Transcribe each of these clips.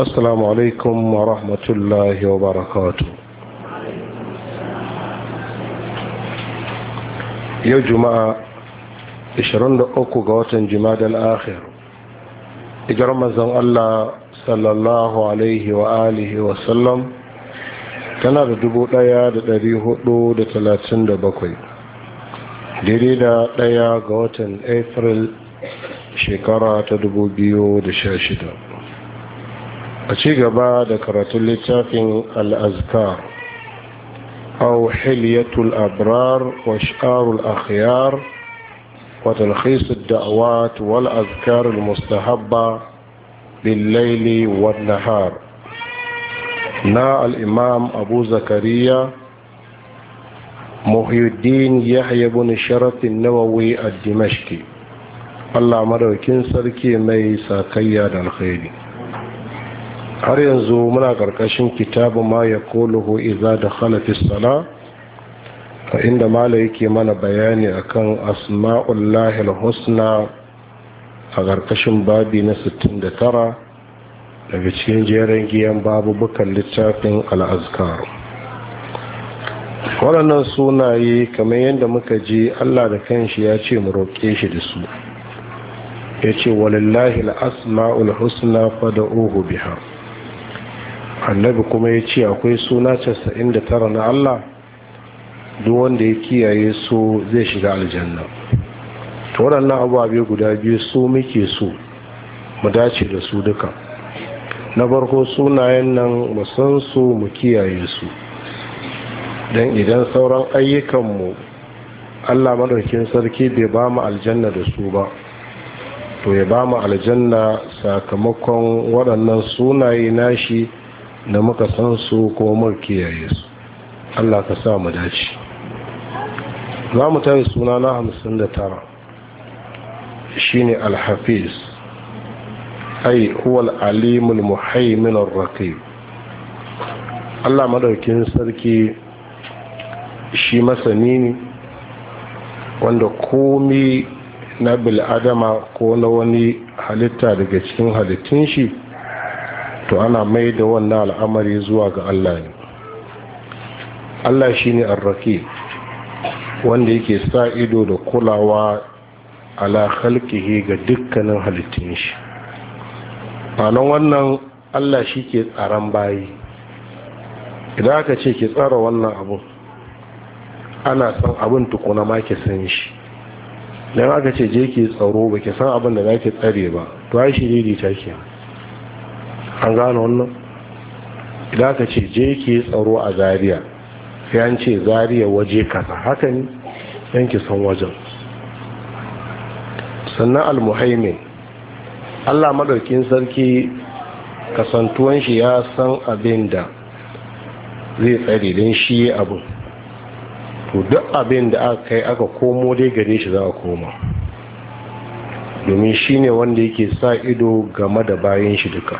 السلام عليكم ورحمة الله وبركاته يا جماعة 23 ga watan jimada al'akhir ijar mazan Allah sallallahu alaihi wa alihi wa sallam tana da dubu ɗaya da da da hudu talatin bakwai, daidai da ɗaya ga watan april shekara ta dubu biyu da sha shida. أشيغ بعد كرة اللتاف الأذكار أو حلية الأبرار وشعار الأخيار وتلخيص الدعوات والأذكار المستحبة بالليل والنهار نا الإمام أبو زكريا محي الدين يحيى بن شرط النووي الدمشقي الله مرة كنسر كي ميسا كيان har yanzu muna ƙarƙashin kitabu ma ya koloho iza da halafis sana a inda mala yake mana bayani akan asma'ullahi husna a ƙarƙashin babi na 69 daga cikin jerin giyan babu-bukan littafin al'azkar waɗannan sunaye kamar yadda muka ji allah da kanshi ya ce mu roƙe shi da su ya ce walillahi al'asma'ul husna fada'uhu bihar annabi kuma ya ce akwai suna casa'in da tara na Allah duk wanda ya kiyaye su zai shiga aljanna to waɗannan ababe guda biyu su muke so mu dace da su duka na farko sunayen nan mu san su mu kiyaye su don idan sauran ayyukanmu allah maɗaukin sarki bai ba mu aljanna da su ba to ya ba mu aljanna sakamakon waɗannan sunaye nashi da muka san su ko muka kiyaye su Allah ka sa mu dace za mu tare suna na hamsin da tara shine alhafiz ai huwal alimul muhaimin raqib Allah madaukin sarki shi masani ne wanda komi na bil'adama ko na wani halitta daga cikin halittun shi to ana mai da wannan al'amari zuwa ga Allah ne Allah shi ne arraki wanda yake sa ido da kulawa ala halkihi ga dukkanin halittun shi anan wannan Allah shi ke tsaron bayi idan aka ce ke tsara wannan abun ana san abin tukuna ma ke san shi don aka ce je ke tsaro ba ke san abin da za ke tsare ba to ai shi daidaita ke an gane wannan idan ka ce je ki tsaro a Zariya, sai an ce Zariya waje kasa haka ne ki san wajen sannan almuhaimin allah maɗaukin sarki kasantuwan shi ya san abin da zai tsare don shi yi abin to duk abin da aka kai aka komo dai gare shi za a koma domin shi ne wanda yake sa ido game da bayan shi duka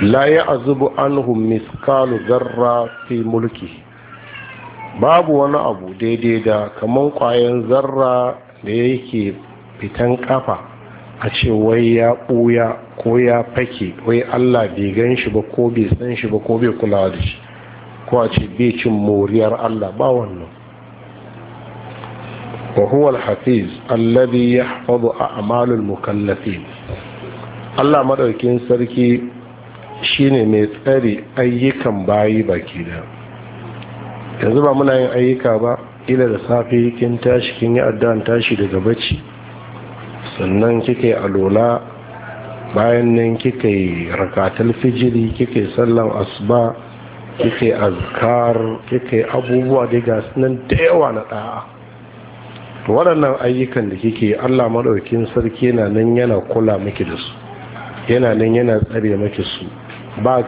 la ya azubu anhu miskalu zarra fi mulki babu wani abu daidai da kaman kwayan zarra da yake fitan kafa a ce wai ya ɓuya ko ya fake wai allah bai gan shi ba ko bai san shi ba ko bai kula da shi ko a ce bai cin moriyar allah ba wannan وهو الحفيظ الذي يحفظ أعمال المكلفين Allah madaukin sarki shine mai tsari ayyukan bayi baki da yanzu ba muna yin ayyuka ba ila da safe kin tashi kin yi addu'an tashi daga bacci sannan kike alola bayan nan kike rakatul fijiri kika sallan asuba kika azkar kike abubuwa da ga sunan da yawa na da'a waɗannan ayyukan da kike Allah maɗaukin sarki yana nan yana kula miki da su yana nan yana tsare miki su back